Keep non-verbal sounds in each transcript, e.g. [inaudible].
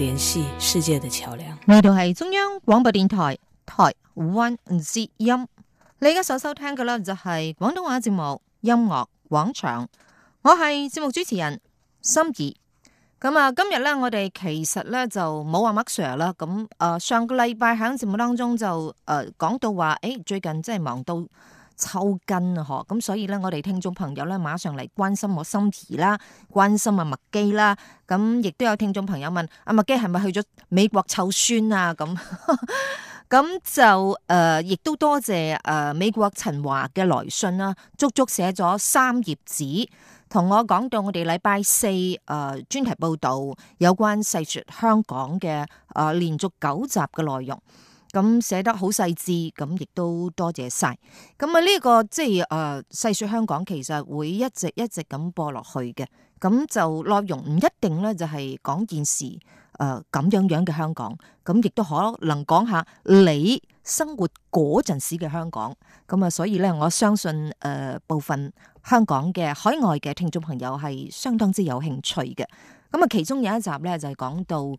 聯繫世界的橋樑，呢度係中央廣播電台台灣之音，你而家所收聽嘅啦就係廣東話節目音樂廣場，我係節目主持人心儀，咁啊今日咧我哋其實咧就冇話麥 sir 啦，咁啊上個禮拜喺節目當中就誒講到話，誒最近真係忙到。抽筋啊！嗬，咁所以咧，我哋聽眾朋友咧，馬上嚟關心我心儀啦，關心啊麥基啦，咁亦都有聽眾朋友問：阿麥基係咪去咗美國湊孫啊？咁咁就誒，亦都多謝誒美國陳華嘅來信啦，足足寫咗三頁紙，同我講到我哋禮拜四誒專題報道有關細說香港嘅誒連續九集嘅內容。咁寫得好細緻，咁亦都多謝晒。咁、這、啊、個，呢個即係誒、呃、細說香港，其實會一直一直咁播落去嘅。咁就內容唔一定咧，就係講件事誒咁、呃、樣樣嘅香港。咁亦都可能講下你生活嗰陣時嘅香港。咁啊，所以咧，我相信誒、呃、部分香港嘅海外嘅聽眾朋友係相當之有興趣嘅。咁啊，其中有一集咧就係、是、講到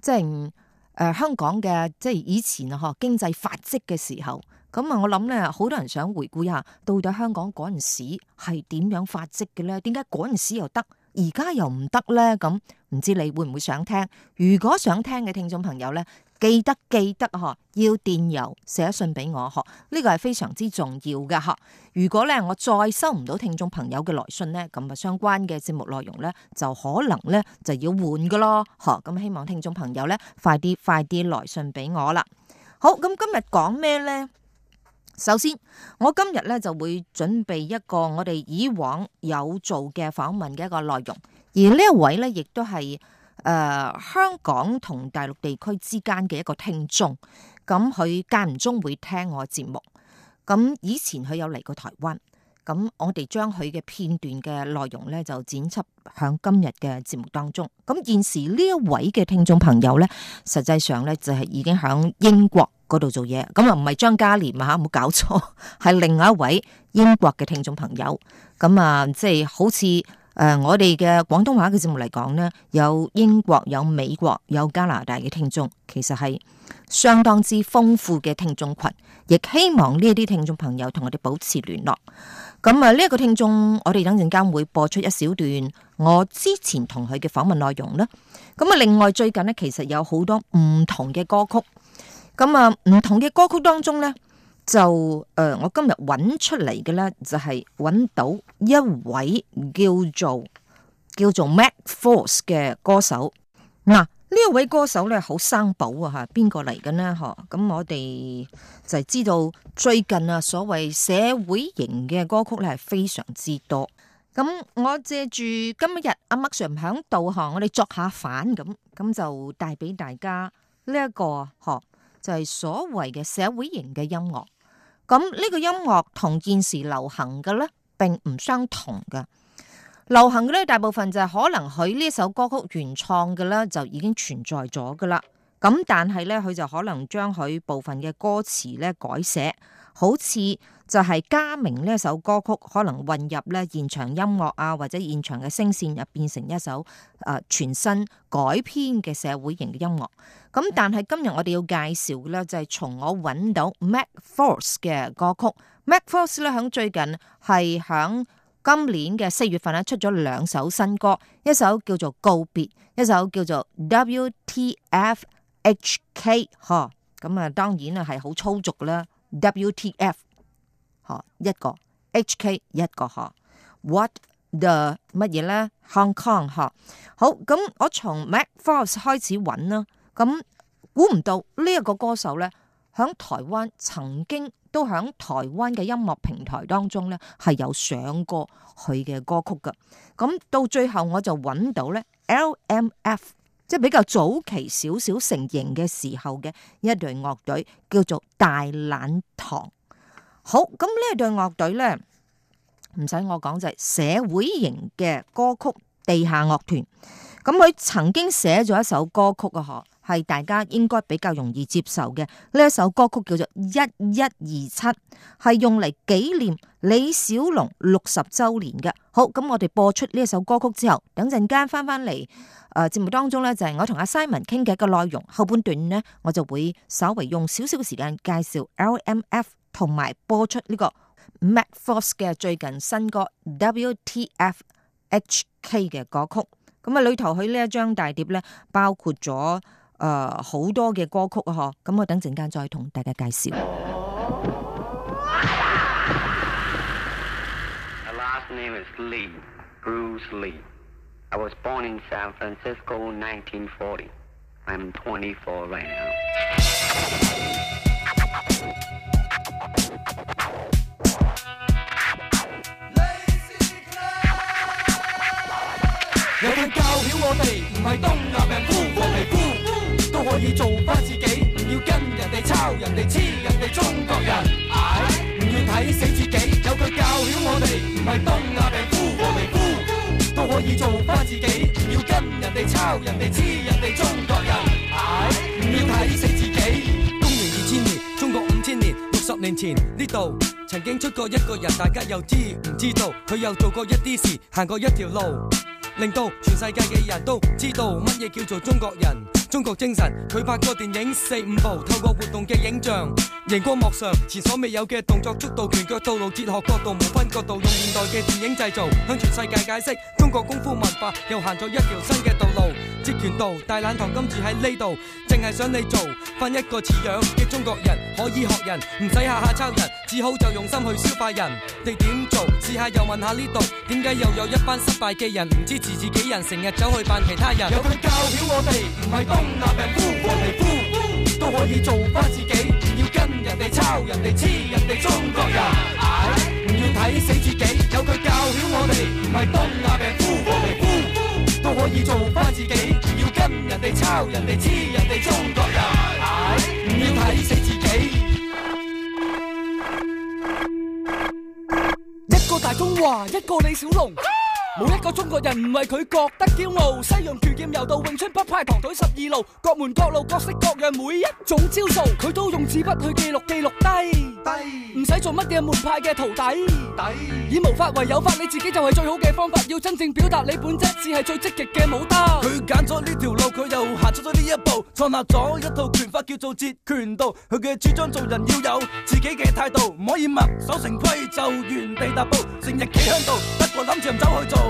即係。誒、呃，香港嘅即係以前啊，嗬經濟發跡嘅時候，咁啊，我諗咧好多人想回顧一下，到底香港嗰陣時係點樣發跡嘅咧？點解嗰陣時又得，而家又唔得咧？咁唔知你會唔會想聽？如果想聽嘅聽眾朋友咧，記得記得嗬，要電郵寫信俾我嗬，呢個係非常之重要嘅嗬。如果咧我再收唔到聽眾朋友嘅來信咧，咁啊相關嘅節目內容咧就可能咧就要換噶咯嗬。咁希望聽眾朋友咧快啲快啲來信俾我啦。好，咁今日講咩咧？首先，我今日咧就會準備一個我哋以往有做嘅訪問嘅一個內容，而呢一位咧亦都係。誒、呃，香港同大陸地區之間嘅一個聽眾，咁佢間唔中會聽我嘅節目。咁、嗯、以前佢有嚟過台灣，咁、嗯、我哋將佢嘅片段嘅內容咧就剪輯響今日嘅節目當中。咁、嗯、現時呢一位嘅聽眾朋友咧，實際上咧就係、是、已經響英國嗰度做嘢。咁、嗯、啊，唔係張家蓮吓，冇搞錯，係另外一位英國嘅聽眾朋友。咁、嗯、啊，即、嗯、係、就是、好似。誒、呃，我哋嘅廣東話嘅節目嚟講呢，有英國有美國有加拿大嘅聽眾，其實係相當之豐富嘅聽眾群，亦希望呢一啲聽眾朋友同我哋保持聯絡。咁、嗯、啊，呢、這、一個聽眾，我哋等陣間會播出一小段我之前同佢嘅訪問內容啦。咁、嗯、啊，另外最近呢，其實有好多唔同嘅歌曲，咁、嗯、啊，唔、嗯、同嘅歌曲當中呢。就誒、呃，我今日揾出嚟嘅咧，就係、是、揾到一位叫做叫做 Mac Force 嘅歌手。嗱，呢一位歌手咧，好生寶啊吓，邊個嚟嘅咧？嗬，咁、嗯、我哋就係知道最近啊，所謂社會型嘅歌曲咧，係非常之多。咁、嗯、我借住今日阿 Mark Sir 唔響導航，我哋作下反咁，咁就帶俾大家呢一、這個嗬，就係、是、所謂嘅社會型嘅音樂。咁呢個音樂同現時流行嘅咧，並唔相同嘅。流行嘅咧，大部分就係可能佢呢首歌曲原創嘅咧，就已經存在咗噶啦。咁但係咧，佢就可能將佢部分嘅歌詞咧改寫。好似就係加明呢一首歌曲，可能混入咧現場音樂啊，或者現場嘅聲線入變成一首誒、呃、全新改編嘅社會型嘅音樂，咁、嗯、但係今日我哋要介紹嘅咧，就係、是、從我揾到 Mac Force 嘅歌曲 Mac Force 咧，響最近係響今年嘅四月份咧出咗兩首新歌，一首叫做《告別》，一首叫做《W T F H K》。嗬，咁、嗯、啊，當然啊係好粗俗啦。WTF，嗬一個 HK 一個嗬，What the 乜嘢咧？Hong Kong 嗬，好，咁、嗯、我從 Mac Force 開始揾啦，咁估唔到呢一個歌手咧，喺台灣曾經都喺台灣嘅音樂平台當中咧係有上過佢嘅歌曲噶，咁、嗯、到最後我就揾到咧 LMF。即係比較早期少少成形嘅時候嘅一隊樂隊，叫做大懶堂。好，咁呢一隊樂隊咧，唔使我講就係、是、社會型嘅歌曲地下樂團。咁佢曾經寫咗一首歌曲啊，嗬。係大家應該比較容易接受嘅呢一首歌曲，叫做《一一二七》，係用嚟紀念李小龍六十周年嘅。好，咁、嗯、我哋播出呢一首歌曲之後，等陣間翻返嚟誒節目當中咧，就係、是、我同阿 Simon 傾偈嘅一個內容。後半段呢，我就會稍微用少少嘅時間介紹 LMF 同埋播出呢個 MacForce 嘅最近新歌 WTFHK 嘅歌曲。咁、嗯、啊，裏頭佢呢一張大碟咧，包括咗。誒好 [music] 多嘅歌曲啊！嗬，咁我等陣間再同大家介紹。 [music] 都可以做翻自己，唔要跟人哋抄人哋黐人哋中國人唉，唔、啊、要睇死自己。有句教曉我哋，唔係東亞病夫，我哋夫、啊、都可以做翻自己，唔要跟人哋抄人哋黐人哋中國人唉，唔、啊、要睇死自己。公元二千年，中國五千年，六十年前呢度曾經出過一個人，大家又知唔知道？佢又做過一啲事，行過一條路。令到全世界嘅人都知道乜嘢叫做中國人、中國精神。佢拍過電影四五部，透過活動嘅影像，熒光幕上前所未有嘅動作速度、拳腳套路、哲學角度、無分角度，用現代嘅電影製造向全世界解釋中國功夫文化，又行咗一條新嘅道路。截拳道大懶堂今次喺呢度，淨係想你做，翻一個似樣嘅中國人，可以學人，唔使下下抄人，只好就用心去消化人哋點做。試下又問下呢度，點解又有一班失敗嘅人唔支持自己人，成日走去扮其他人？有佢教曉我哋，唔係東亞病夫，和皮膚都可以做返自己，唔要跟人哋抄人哋黐人哋中國人。唔 Yeah. 要睇死自己，有佢教曉我哋，唔係東亞病夫，和皮膚都可以做返自己，唔要跟人哋抄人哋黐人哋中國人。哇！一個李小龍。冇一個中國人唔為佢覺得驕傲，西洋拳劍柔道，詠春北派譚腿十二路，各門各路各式各樣每一種招數，佢都用紙筆去記錄記錄低低，唔使做乜嘢門派嘅徒弟底，低以無法為有法，你自己就係最好嘅方法，要真正表達你本質，只係最積極嘅武德。佢揀咗呢條路，佢又行出咗呢一步，創立咗一套拳法叫做截拳道。佢嘅主張做人要有自己嘅態度，唔可以墨守成規就原地踏步，成日企喺度，不過諗住唔走去做。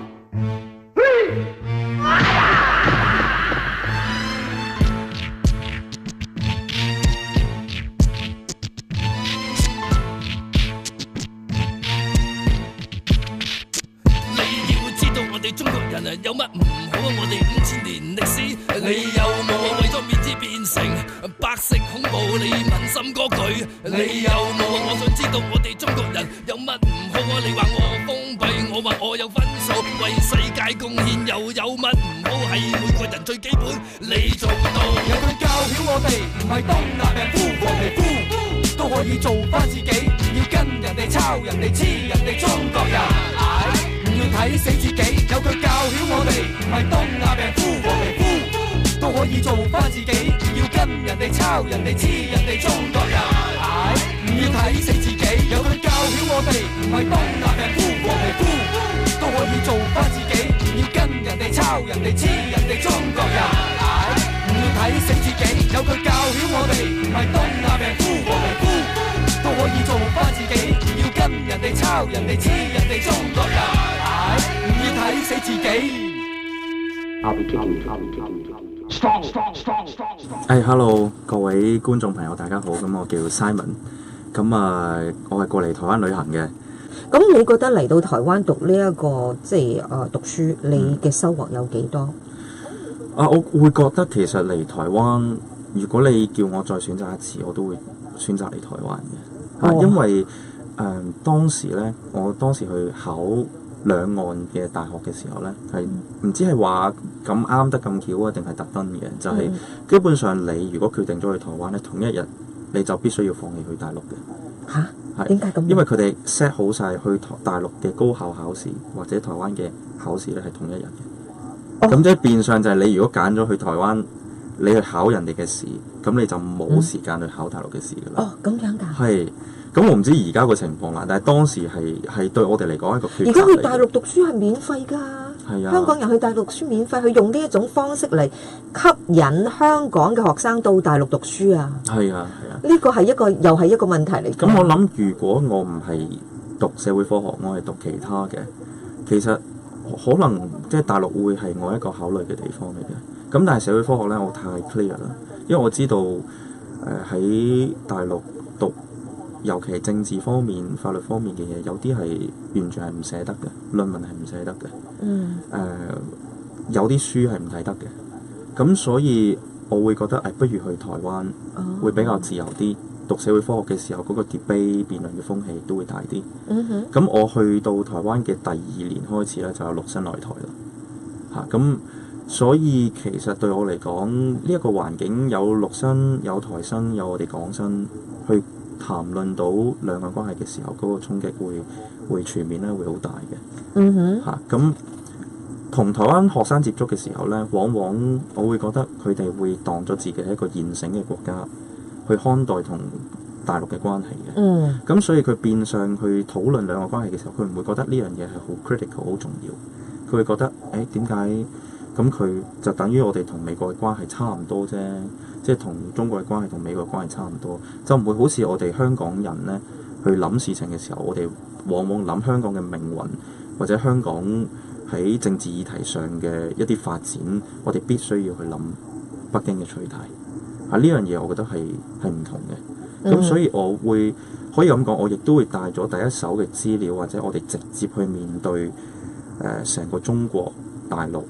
唔係東亞病夫，黃皮膚都可以做返自己。唔要跟人哋抄，人哋黐，人哋中國人。唔要睇死自己，有佢教曉我哋。唔係東亞病夫，黃皮膚都可以做返自己。唔要跟人哋抄，人哋黐，人哋中國人。唔要睇死自己，有佢教曉我哋。唔係東亞病夫，黃皮膚都可以做返自己。唔要跟人哋抄，人哋黐，人哋中國人。睇死自己，有佢教曉我哋，唔係東亞病夫，亞病夫都可以做翻自己，唔要跟人哋抄人哋，似人哋中國人，唔要睇死自己。係，Hello，各位觀眾朋友，大家好，咁我叫 Simon，咁啊，我係過嚟台灣旅行嘅。咁你覺得嚟到台灣讀呢一個即係啊讀書，你嘅收穫有幾多？啊！我會覺得其實嚟台灣，如果你叫我再選擇一次，我都會選擇嚟台灣嘅。哦、因為誒、呃、當時咧，我當時去考兩岸嘅大學嘅時候呢，係唔、嗯、知係話咁啱得咁巧啊，定係特登嘅，就係、是嗯、基本上你如果決定咗去台灣呢，同一日你就必須要放棄去大陸嘅嚇。點解咁？是為因為佢哋 set 好晒去台大陸嘅高考考試或者台灣嘅考試呢，係同一日嘅。咁、oh. 即係變相就係你如果揀咗去台灣，你去考人哋嘅試，咁你就冇時間去考大陸嘅試噶啦。哦、oh, 啊，咁樣㗎。係，咁我唔知而家個情況啦，但係當時係係對我哋嚟講一個抉擇嚟。而家去大陸讀書係免費㗎，啊、香港人去大陸讀書免費，佢用呢一種方式嚟吸引香港嘅學生到大陸讀書啊。係啊，係啊。呢個係一個又係一個問題嚟。咁我諗，如果我唔係讀社會科學，我係讀其他嘅，其實。可能即係大陸會係我一個考慮嘅地方嚟嘅，咁但係社會科學呢，我太 clear 啦，因為我知道喺、呃、大陸讀，尤其政治方面、法律方面嘅嘢，有啲係完全係唔捨得嘅，論文係唔捨得嘅，誒、嗯呃、有啲書係唔捨得嘅，咁所以我會覺得誒、哎、不如去台灣，嗯、會比較自由啲。讀社會科學嘅時候，嗰、那個 debate、辯論嘅風氣都會大啲。咁、mm hmm. 我去到台灣嘅第二年開始咧，就有陸生來台啦。嚇、啊！咁所以其實對我嚟講，呢、這、一個環境有陸生、有台生、有我哋港生，去談論到兩岸關係嘅時候，嗰、那個衝擊會，會全面咧，會好大嘅。嚇、mm！咁、hmm. 同、啊、台灣學生接觸嘅時候咧，往往我會覺得佢哋會當咗自己係一個現成嘅國家。去看待同大陸嘅關係嘅，咁所以佢變相去討論兩個關係嘅時候，佢唔會覺得呢樣嘢係好 critical 好重要，佢會覺得誒，點解咁佢就等於我哋同美國嘅關係差唔多啫，即係同中國嘅關係同美國嘅關係差唔多,、就是、多，就唔會好似我哋香港人咧去諗事情嘅時候，我哋往往諗香港嘅命運，或者香港喺政治議題上嘅一啲發展，我哋必須要去諗北京嘅取態。啊！呢樣嘢我覺得係係唔同嘅，咁所以我會可以咁講，我亦都會帶咗第一手嘅資料，或者我哋直接去面對誒成、呃、個中國大陸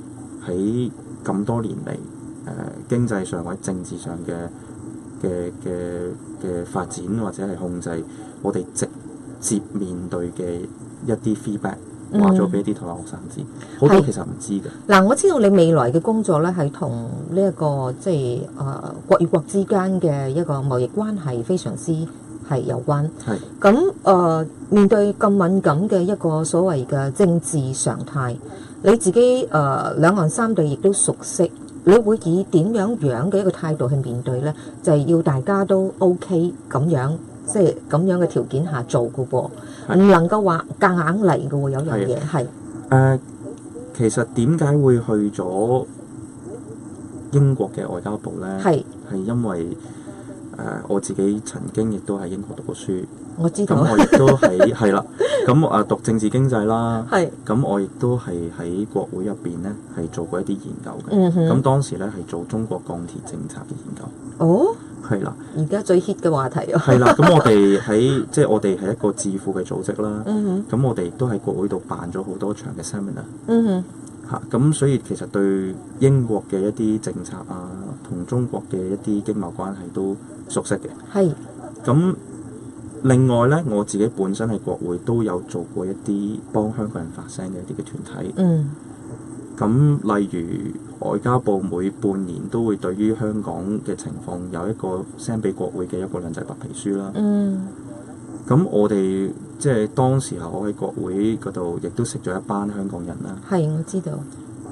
喺咁多年嚟誒、呃、經濟上、或者政治上嘅嘅嘅嘅發展或者係控制，我哋直接面對嘅一啲 feedback。話咗俾啲同學學生知，好是多其實唔知嘅。嗱，我知道你未來嘅工作咧，係同呢一個即係誒、呃、國與國之間嘅一個貿易關係非常之係有關。係是。咁誒、呃、面對咁敏感嘅一個所謂嘅政治常態，你自己誒、呃、兩岸三地亦都熟悉，你會以點樣樣嘅一個態度去面對咧？就係、是、要大家都 OK 咁樣，即係咁樣嘅條件下做嘅噃。唔、嗯、能夠話夾硬嚟嘅喎，有樣嘢係。誒的的、呃，其實點解會去咗英國嘅外交部咧？係係的因為誒、呃，我自己曾經亦都喺英國讀過書。我知道我。咁 [laughs] 我亦都喺係啦。咁我誒讀政治經濟啦。係。咁我亦都係喺國會入邊咧，係做過一啲研究嘅。咁、嗯、哼當時咧係做中國鋼鐵政策嘅研究。哦。係啦，而家最 hit 嘅話題啊，係 [laughs] 啦，咁我哋喺即係我哋係一個智庫嘅組織啦，咁、mm hmm. 我哋都喺國會度辦咗好多場嘅 seminar，、um、嚇、mm，咁、hmm. 所以其實對英國嘅一啲政策啊，同中國嘅一啲經貿關係都熟悉嘅，係、mm，咁、hmm. 另外咧，我自己本身喺國會都有做過一啲幫香港人發聲嘅一啲嘅團體，嗯、mm。Hmm. 咁例如外交部每半年都會對於香港嘅情況有一個 send 俾國會嘅一個兩制白皮書啦。嗯。咁我哋即係當時候我喺國會嗰度亦都識咗一班香港人啦。係，我知道。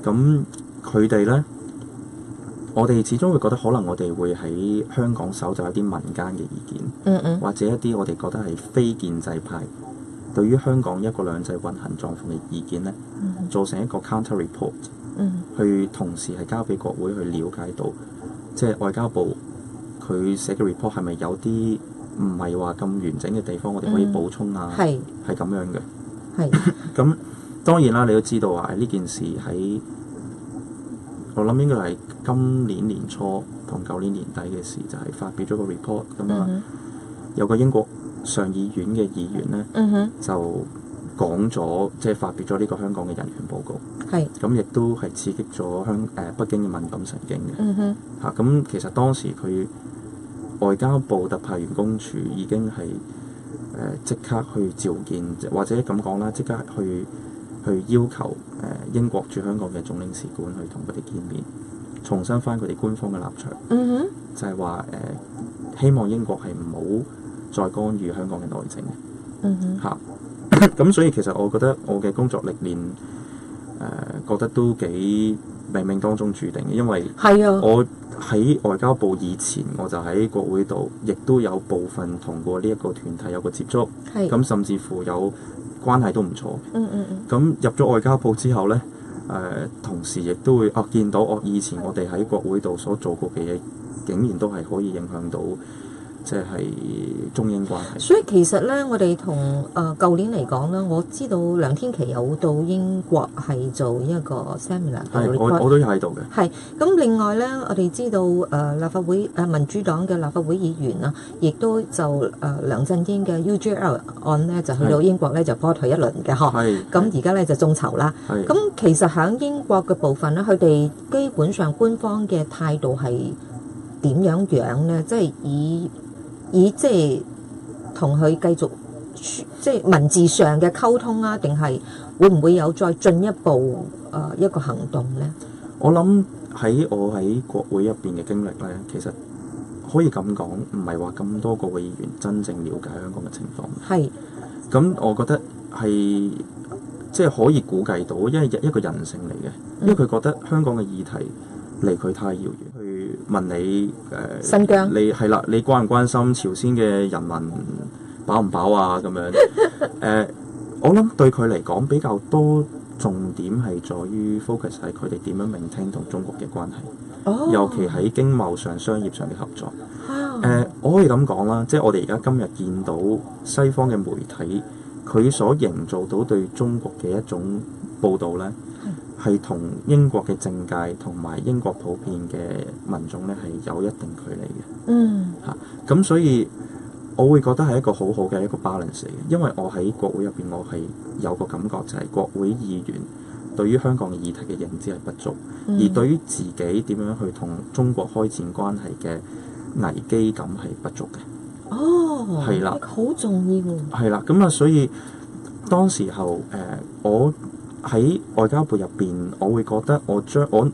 咁佢哋呢，我哋始終會覺得可能我哋會喺香港蒐集一啲民間嘅意見，嗯嗯，或者一啲我哋覺得係非建制派。對於香港一國兩制運行狀況嘅意見咧，mm hmm. 做成一個 counter report，mm hmm. 去同時係交俾國會去了解到，即、就、係、是、外交部佢寫嘅 report 係咪有啲唔係話咁完整嘅地方，我哋可以補充啊，係咁、mm hmm. 樣嘅。係、mm。咁、hmm. [laughs] 當然啦，你都知道啊，呢件事喺我諗應該係今年年初同舊年年底嘅事，就係發表咗個 report 咁啊，有個英國。上議院嘅議員咧、嗯哼，就講咗，即係發表咗呢個香港嘅人權報告。係是。咁亦都係刺激咗香誒北京嘅敏感神經嘅。嗯哼。嚇、啊！咁其實當時佢外交部特派員公署已經係誒即刻去召見，或者咁講啦，即刻去去要求誒、呃、英國駐香港嘅總領事館去同佢哋見面，重申翻佢哋官方嘅立場。嗯哼。就係話誒，希望英國係唔好。再干預香港嘅內政，嗯哼、mm，嚇、hmm. 啊，咁所以其實我覺得我嘅工作歷練，誒、呃，覺得都幾冥冥當中注定嘅，因為係啊的，我喺外交部以前，我就喺國會度，亦都有部分同過呢一個團體有個接觸，係的，咁甚至乎有關係都唔錯，嗯嗯嗯，咁、hmm. 入咗外交部之後咧，誒、呃，同時亦都會啊見到我以前我哋喺國會度所做過嘅嘢，竟然都係可以影響到。即係中英關係，所以其實咧，我哋同誒舊年嚟講咧，我知道梁天琦有到英國係做一個 seminar 是。係 a report,，我都有喺度嘅。係咁，另外咧，我哋知道誒、呃、立法會誒、呃、民主黨嘅立法會議員啦，亦、啊、都就誒、呃、梁振英嘅 UGL 案咧，就去到英國咧是就波退一輪嘅呵。係是。咁而家咧就眾籌啦。係是。咁是其實喺英國嘅部分咧，佢哋基本上官方嘅態度係點樣樣咧？即、就、係、是、以以即係同佢繼續，即係文字上嘅溝通啊，定係會唔會有再進一步誒、呃、一個行動咧？我諗喺我喺國會入邊嘅經歷咧，其實可以咁講，唔係話咁多個議員真正了解香港嘅情況，係是，咁我覺得係即係可以估計到，因為一個人性嚟嘅，嗯、因為佢覺得香港嘅議題離佢太遙遠。問你誒，呃、新疆你係啦，你關唔關心朝鮮嘅人民飽唔飽啊？咁樣誒、呃，我諗對佢嚟講比較多重點係在於 focus 係佢哋點樣 maintain 同中國嘅關係，oh. 尤其喺經貿上、商業上嘅合作。誒、oh. 呃，我可以咁講啦，即係我哋而家今日見到西方嘅媒體，佢所營造到對中國嘅一種報導咧。係同英國嘅政界同埋英國普遍嘅民眾咧係有一定距離嘅。嗯。嚇、啊，咁所以我會覺得係一個好好嘅一個 balance 嚟嘅，因為我喺國會入邊，我係有個感覺就係國會議員對於香港議題嘅認知係不足，嗯、而對於自己點樣去同中國開展關係嘅危機感係不足嘅。哦。係啦，好重要。係啦，咁啊，所以當時候誒、呃、我。喺外交部入邊，我會覺得我將我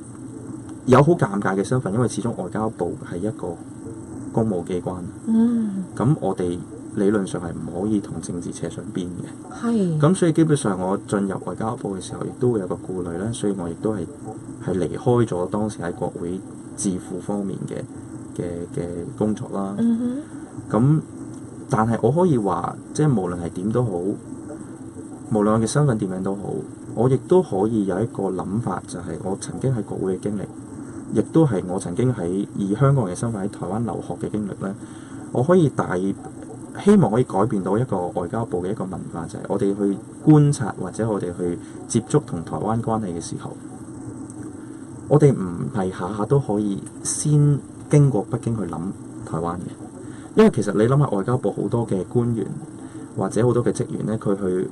有好尷尬嘅身份，因為始終外交部係一個公務機關，嗯。咁我哋理論上係唔可以同政治扯上邊嘅。係。咁所以基本上我進入外交部嘅時候，亦都會有個顧慮啦。所以我亦都係，係離開咗當時喺國會智庫方面嘅嘅嘅工作啦。嗯哼。咁但係我可以話，即係無論係點都好。無論我嘅身份點樣都好，我亦都可以有一個諗法，就係我曾經喺國會嘅經歷，亦都係我曾經喺以香港人嘅身份喺台灣留學嘅經歷咧。我可以大希望可以改變到一個外交部嘅一個文化，就係我哋去觀察或者我哋去接觸同台灣關係嘅時候，我哋唔係下下都可以先經過北京去諗台灣嘅，因為其實你諗下外交部好多嘅官員或者好多嘅職員咧，佢去。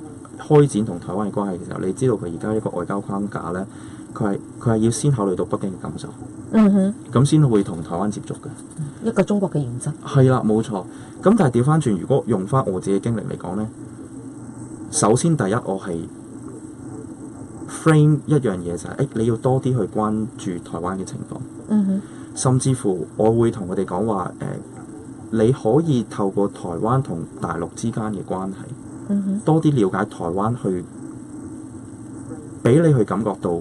開展同台灣嘅關係嘅時候，你知道佢而家一個外交框架呢，佢係佢係要先考慮到北京嘅感受，咁先、嗯、哼，會同台灣接觸嘅。一個中國嘅原則。係啦，冇錯。咁但係調翻轉，如果用翻我自己經歷嚟講呢，首先第一我係 frame 一樣嘢就係、是，誒、欸、你要多啲去關注台灣嘅情況。嗯哼。甚至乎我會同佢哋講話，誒、呃、你可以透過台灣同大陸之間嘅關係。多啲了解台灣去，去俾你去感覺到，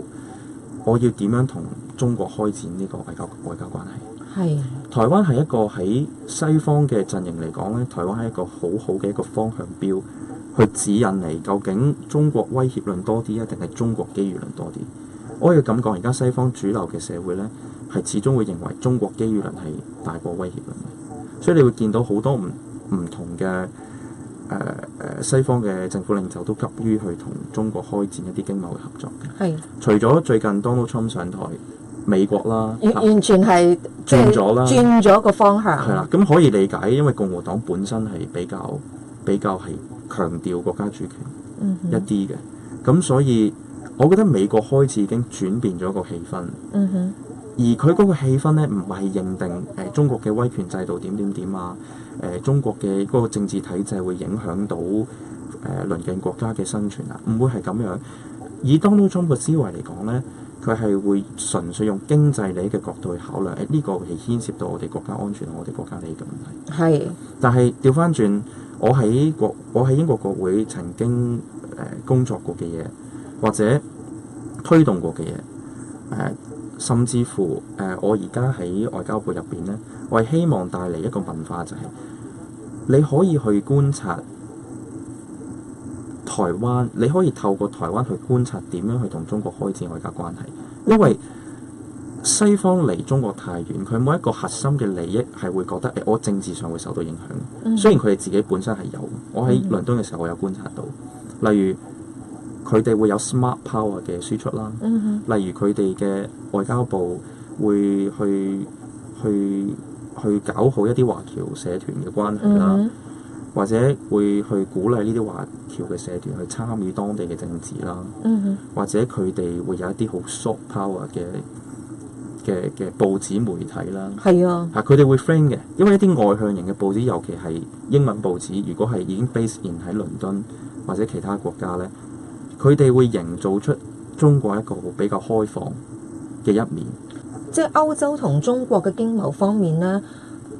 我要點樣同中國開展呢個外交外交關係？係是。台灣係一個喺西方嘅陣營嚟講咧，台灣係一個好好嘅一個方向標，去指引你究竟中國威脅論多啲，定係中國機遇論多啲？我嘅感覺而家西方主流嘅社會咧，係始終會認為中國機遇論係大過威脅論，所以你會見到好多唔唔同嘅。誒誒、呃，西方嘅政府領袖都急於去同中國開展一啲經貿嘅合作。係的。除咗最近 Donald Trump 上台，美國啦，完全係轉咗啦，轉咗個方向。係啦，咁可以理解，因為共和黨本身係比較比較係強調國家主權一啲嘅。咁、嗯、哼所以，我覺得美國開始已經轉變咗個氣氛。嗯哼。而佢嗰個氣氛咧，唔係認定誒、呃、中國嘅威權制度點點點啊，誒、呃、中國嘅嗰個政治體制會影響到誒、呃、鄰近國家嘅生存啊，唔會係咁樣。以 Donald Trump 嘅思維嚟講咧，佢係會純粹用經濟利益嘅角度去考慮，誒、呃、呢、這個係牽涉到我哋國家安全，我哋國家利益嘅問題。係是。但係調翻轉，我喺國我喺英國國會曾經誒、呃、工作過嘅嘢，或者推動過嘅嘢，誒、呃。甚至乎，誒、呃，我而家喺外交部入邊咧，我係希望帶嚟一個文化，就係、是、你可以去觀察台灣，你可以透過台灣去觀察點樣去同中國開展外交關係，因為西方離中國太遠，佢每一個核心嘅利益係會覺得誒、欸，我政治上會受到影響，嗯、雖然佢哋自己本身係有，我喺倫敦嘅時候我有觀察到，嗯、例如。佢哋會有 smart power 嘅輸出啦，mm hmm. 例如佢哋嘅外交部會去去去搞好一啲華僑社團嘅關係啦，mm hmm. 或者會去鼓勵呢啲華僑嘅社團去參與當地嘅政治啦，mm hmm. 或者佢哋會有一啲好 soft power 嘅嘅嘅報紙媒體啦，係啊，mm hmm. 佢哋會 friend 嘅，因為一啲外向型嘅報紙，尤其係英文報紙，如果係已經 base in 喺倫敦或者其他國家咧。佢哋會營造出中國一個比較開放嘅一面，即係歐洲同中國嘅經貿方面呢，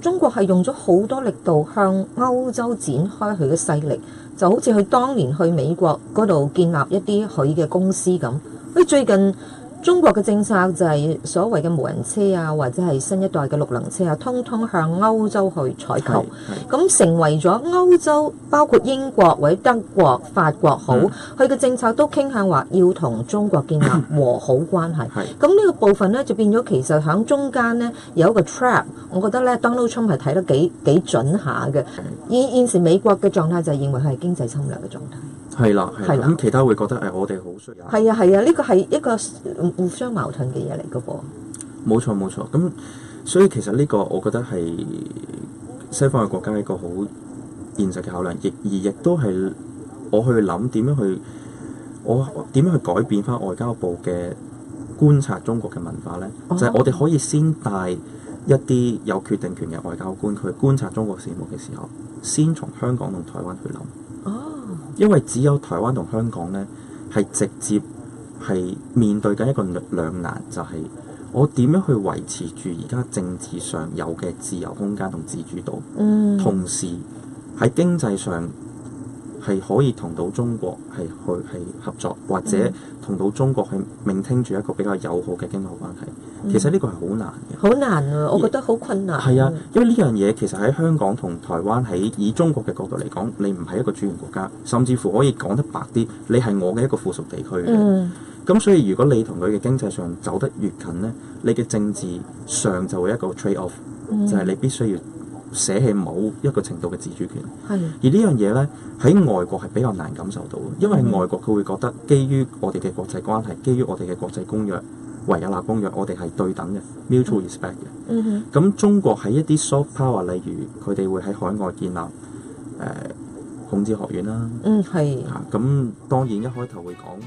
中國係用咗好多力度向歐洲展開佢嘅勢力，就好似佢當年去美國嗰度建立一啲佢嘅公司咁。佢最近。中國嘅政策就係所謂嘅無人車啊，或者係新一代嘅綠能車啊，通通向歐洲去採購，咁成為咗歐洲，包括英國或者德國、法國好，佢嘅是政策都傾向話要同中國建立和好關係。咁呢是個部分呢，就變咗，其實喺中間呢，有一個 trap，我覺得呢 Donald Trump 係睇得幾幾準下嘅。現現時美國嘅狀態就係認為佢係經濟侵略嘅狀態。係啦，係啦，咁的其他會覺得誒，我哋好衰啊！係啊，係啊，呢個係一個互相矛盾嘅嘢嚟噶噃。冇錯，冇錯。咁所以其實呢個，我覺得係西方嘅國家一個好現實嘅考量，亦而亦都係我去諗點樣去，我點樣去改變翻外交部嘅觀察中國嘅文化呢？Oh. 就係我哋可以先帶一啲有決定權嘅外交官，去觀察中國事務嘅時候，先從香港同台灣去諗。因為只有台灣同香港咧，係直接係面對緊一個兩難，就係、是、我點樣去維持住而家政治上有嘅自由空間同自主度，嗯、同時喺經濟上。係可以同到中國係去係合作，或者同到中國係 maintain 住一個比較友好嘅經濟關係。其實呢個係好難嘅。好、嗯、難啊。我覺得好困難。係啊，因為呢樣嘢其實喺香港同台灣喺以中國嘅角度嚟講，你唔係一個主權國家，甚至乎可以講得白啲，你係我嘅一個附屬地區嘅。咁、嗯、所以如果你同佢嘅經濟上走得越近呢，你嘅政治上就會一個 trade off，嗯、就係你必須要。捨棄某一個程度嘅自主權，的而呢樣嘢咧喺外國係比較難感受到嘅，因為外國佢會覺得基於我哋嘅國際關係，基於我哋嘅國際公約、維也納公約，我哋係對等嘅、嗯、mutual respect 嘅。咁、嗯、哼中國喺一啲 soft power，例如佢哋會喺海外建立誒、呃、孔子學院啦。嗯，係。咁、啊、當然一開頭會講起。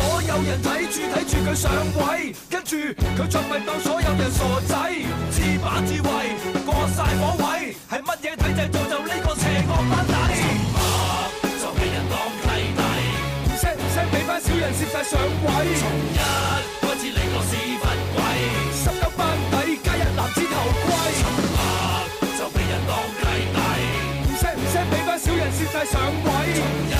所有人睇住睇住佢上位，跟住佢出貓當所有人傻仔，自把自為過晒火位，係乜嘢體制造就呢個邪惡班底？沉默就被人當契弟，唔聲唔聲俾班小人蝕晒上位。從一開始你個屎忽鬼，深厚班底加一男子頭盔。沉默就被人當契弟，唔聲唔聲俾班小人蝕晒上位。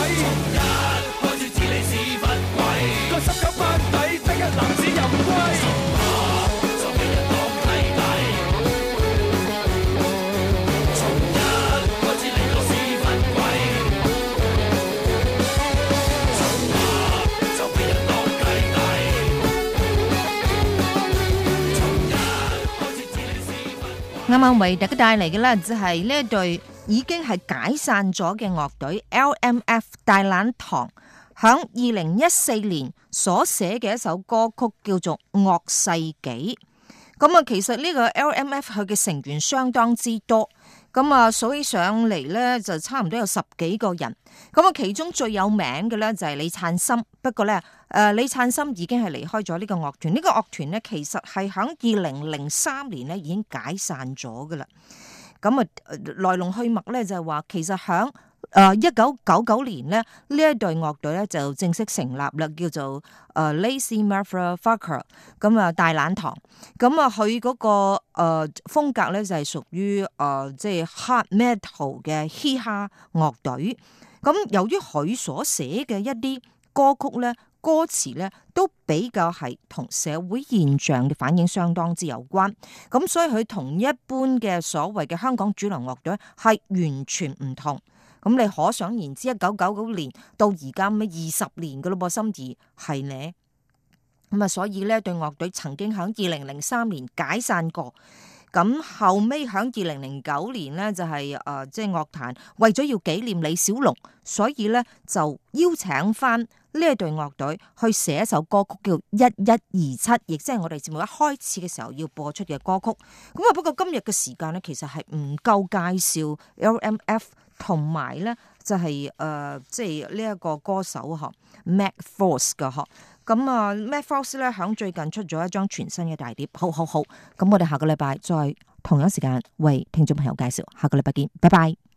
啱啱為大家帶嚟嘅咧，就係呢一隊已經係解散咗嘅樂隊 LMF 大懶堂，響二零一四年所寫嘅一首歌曲叫做《惡世紀》。咁啊，其實呢個 LMF 佢嘅成員相當之多。咁啊，數起上嚟咧，就差唔多有十幾個人。咁啊，其中最有名嘅咧，就係、是、李燦森。不過咧，誒、呃，李燦森已經係離開咗、這個、呢個樂團。呢個樂團咧，其實係響二零零三年咧已經解散咗㗎喇。咁啊，來龍去脈咧就係話，其實響。誒一九九九年咧，呢一隊樂隊咧就正式成立啦，叫做誒、uh, Lazy Mutha Fucka 咁啊。大懶堂咁啊，佢嗰、那個誒、呃、風格咧就係、是、屬於誒即係 hard metal 嘅嘻哈樂隊。咁由於佢所寫嘅一啲歌曲咧，歌詞咧都比較係同社會現象嘅反應相當之有關。咁所以佢同一般嘅所謂嘅香港主流樂隊係完全唔同。咁你可想而知，一九九九年到而家咩二十年㗎咯噃，心儀係咧，咁啊，所以咧，對樂隊曾經喺二零零三年解散過。咁後尾喺二零零九年咧，就係誒，即係樂壇為咗要紀念李小龍，所以咧就邀請翻呢一隊樂隊去寫一首歌曲，叫《一一二七》，亦即係我哋節目一開始嘅時候要播出嘅歌曲。咁啊，不過今日嘅時間咧，其實係唔夠介紹 LMF 同埋咧，就係誒，即係呢一個歌手嗬，Mac Force 嘅嗬。咁啊 LMF 咧，響最近出咗一張全新嘅大碟，好好好，咁我哋下個禮拜再同樣時間為聽眾朋友介紹，下個禮拜見，拜拜。